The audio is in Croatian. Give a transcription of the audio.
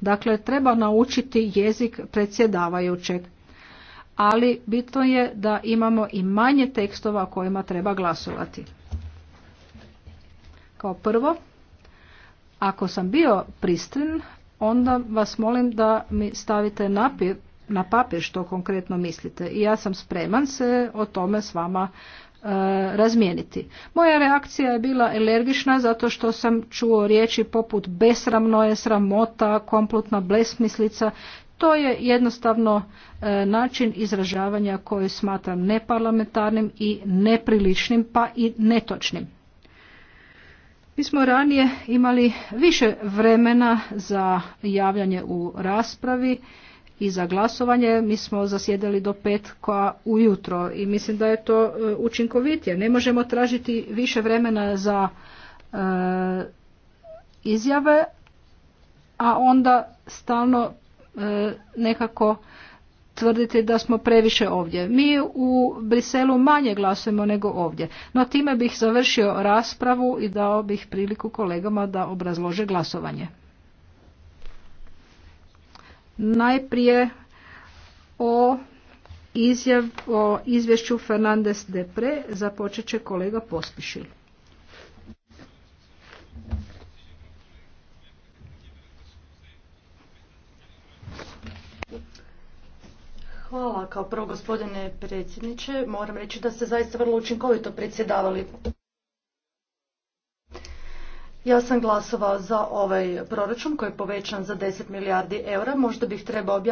Dakle, treba naučiti jezik predsjedavajućeg. Ali bitno je da imamo i manje tekstova kojima treba glasovati. Kao prvo, ako sam bio pristren, onda vas molim da mi stavite napir, na papir što konkretno mislite. I ja sam spreman se o tome s vama E, razmijeniti. Moja reakcija je bila alergična zato što sam čuo riječi poput besramno je, sramota, komplotna blesmislica. To je jednostavno e, način izražavanja koji smatram neparlamentarnim i nepriličnim pa i netočnim. Mi smo ranije imali više vremena za javljanje u raspravi i za glasovanje. Mi smo zasjedali do petka ujutro i mislim da je to e, učinkovitije. Ne možemo tražiti više vremena za e, izjave, a onda stalno e, nekako tvrditi da smo previše ovdje. Mi u Briselu manje glasujemo nego ovdje. No time bih završio raspravu i dao bih priliku kolegama da obrazlože glasovanje. Najprije o, o izvješću Fernandez Depre započet će kolega Pospišil. Hvala kao prvo gospodine predsjedniče. Moram reći da ste zaista vrlo učinkovito predsjedavali. Ja sam glasovao za ovaj proračun koji je povećan za 10 milijardi eura. Možda bih trebao